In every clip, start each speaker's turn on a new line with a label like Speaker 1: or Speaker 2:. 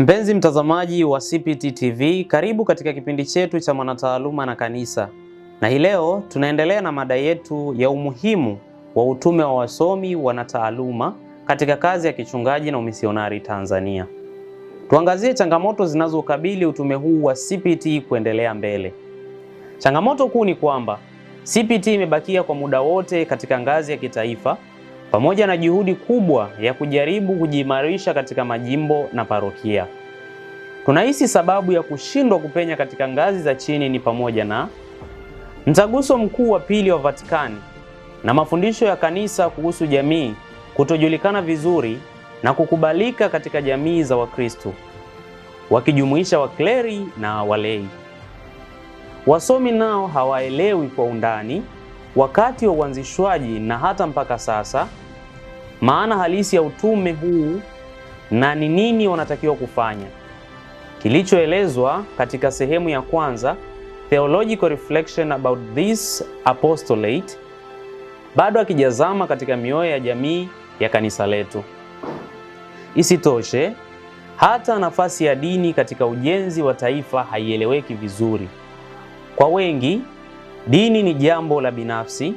Speaker 1: Mpenzi mtazamaji wa CPT TV, karibu katika kipindi chetu cha Mwanataaluma na Kanisa, na hii leo tunaendelea na mada yetu ya umuhimu wa utume wa wasomi wanataaluma katika kazi ya kichungaji na umisionari Tanzania. Tuangazie changamoto zinazokabili utume huu wa CPT kuendelea mbele. Changamoto kuu ni kwamba CPT imebakia kwa muda wote katika ngazi ya kitaifa pamoja na juhudi kubwa ya kujaribu kujiimarisha katika majimbo na parokia. Tunahisi sababu ya kushindwa kupenya katika ngazi za chini ni pamoja na mtaguso mkuu wa pili wa Vatikani na mafundisho ya kanisa kuhusu jamii kutojulikana vizuri na kukubalika katika jamii za Wakristo wakijumuisha wakleri na walei. Wasomi nao hawaelewi kwa undani wakati wa uanzishwaji na hata mpaka sasa maana halisi ya utume huu na ni nini wanatakiwa kufanya, kilichoelezwa katika sehemu ya kwanza Theological Reflection about this Apostolate, bado akijazama katika mioyo ya jamii ya kanisa letu. Isitoshe, hata nafasi ya dini katika ujenzi wa taifa haieleweki vizuri. Kwa wengi, dini ni jambo la binafsi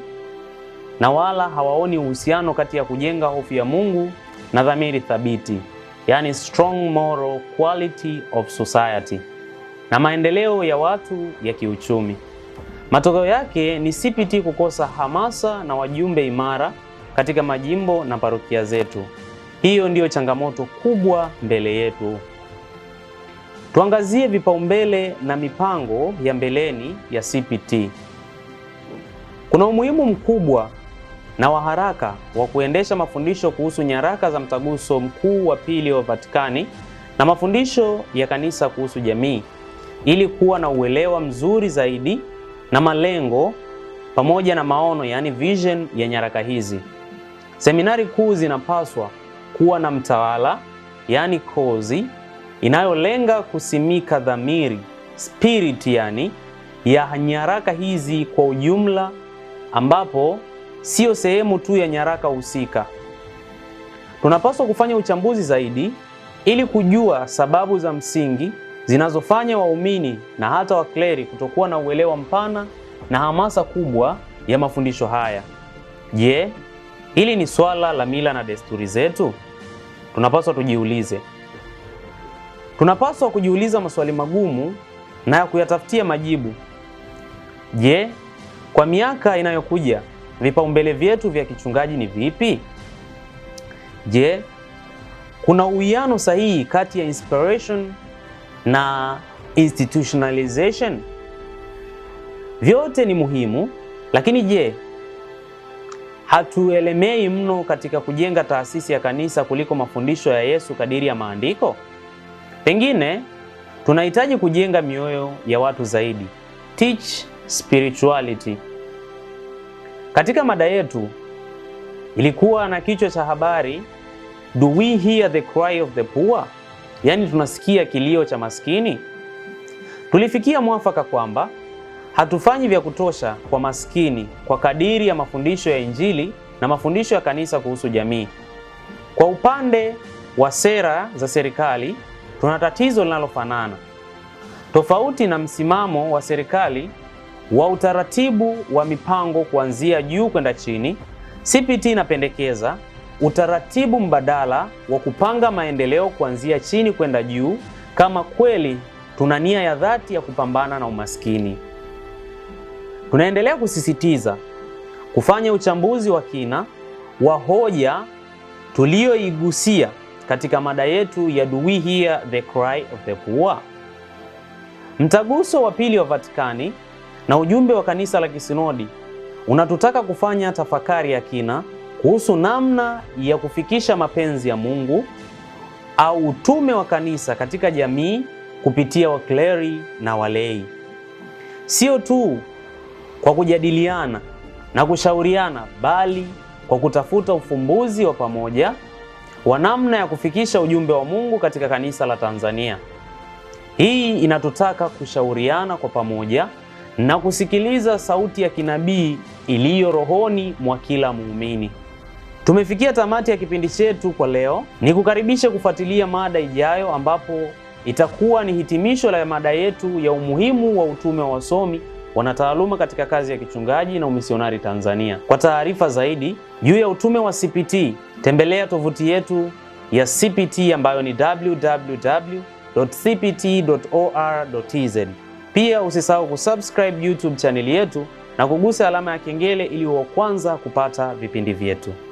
Speaker 1: na wala hawaoni uhusiano kati ya kujenga hofu ya Mungu na dhamiri thabiti, yani strong moral quality of society, na maendeleo ya watu ya kiuchumi. Matokeo yake ni CPT kukosa hamasa na wajumbe imara katika majimbo na parokia zetu. Hiyo ndiyo changamoto kubwa mbele yetu. Tuangazie vipaumbele na mipango ya mbeleni ya CPT. Kuna umuhimu mkubwa na wa haraka wa kuendesha mafundisho kuhusu nyaraka za Mtaguso Mkuu wa Pili wa Vatikani na mafundisho ya kanisa kuhusu jamii ili kuwa na uelewa mzuri zaidi na malengo pamoja na maono, yaani vision ya nyaraka hizi. Seminari kuu zinapaswa kuwa na mtawala, yaani kozi inayolenga kusimika dhamiri spirit, yani ya nyaraka hizi kwa ujumla ambapo siyo sehemu tu ya nyaraka husika. Tunapaswa kufanya uchambuzi zaidi ili kujua sababu za msingi zinazofanya waumini na hata wakleri kutokuwa na uelewa mpana na hamasa kubwa ya mafundisho haya. Je, hili ni swala la mila na desturi zetu? Tunapaswa tujiulize. Tunapaswa kujiuliza maswali magumu na ya kuyatafutia majibu. Je, kwa miaka inayokuja Vipaumbele vyetu vya kichungaji ni vipi? Je, kuna uwiano sahihi kati ya inspiration na institutionalization? Vyote ni muhimu, lakini je, hatuelemei mno katika kujenga taasisi ya kanisa kuliko mafundisho ya Yesu kadiri ya maandiko? Pengine tunahitaji kujenga mioyo ya watu zaidi. Teach spirituality. Katika mada yetu ilikuwa na kichwa cha habari Do we hear the cry of the poor? Yaani tunasikia kilio cha maskini. Tulifikia mwafaka kwamba hatufanyi vya kutosha kwa maskini kwa kadiri ya mafundisho ya Injili na mafundisho ya kanisa kuhusu jamii. Kwa upande wa sera za serikali, tuna tatizo linalofanana. Tofauti na msimamo wa serikali wa utaratibu wa mipango kuanzia juu kwenda chini, CPT inapendekeza utaratibu mbadala wa kupanga maendeleo kuanzia chini kwenda juu kama kweli tuna nia ya dhati ya kupambana na umaskini. Tunaendelea kusisitiza kufanya uchambuzi wa kina wa hoja tuliyoigusia katika mada yetu ya Do We Hear the Cry of the Poor. Mtaguso wa Pili wa Vatikani na ujumbe wa Kanisa la Kisinodi unatutaka kufanya tafakari ya kina kuhusu namna ya kufikisha mapenzi ya Mungu au utume wa kanisa katika jamii kupitia wakleri na walei, sio tu kwa kujadiliana na kushauriana, bali kwa kutafuta ufumbuzi wa pamoja wa namna ya kufikisha ujumbe wa Mungu katika kanisa la Tanzania. Hii inatutaka kushauriana kwa pamoja na kusikiliza sauti ya kinabii iliyo rohoni mwa kila muumini. Tumefikia tamati ya kipindi chetu kwa leo. ni kukaribisha kufuatilia mada ijayo ambapo itakuwa ni hitimisho la mada yetu ya umuhimu wa utume wa wasomi wanataaluma katika kazi ya kichungaji na umisionari Tanzania. Kwa taarifa zaidi juu ya utume wa CPT, tembelea tovuti yetu ya CPT ambayo ni www.cpt.or.tz. Pia usisahau kusubscribe YouTube chaneli yetu na kugusa alama ya kengele ili wa kwanza kupata vipindi vyetu.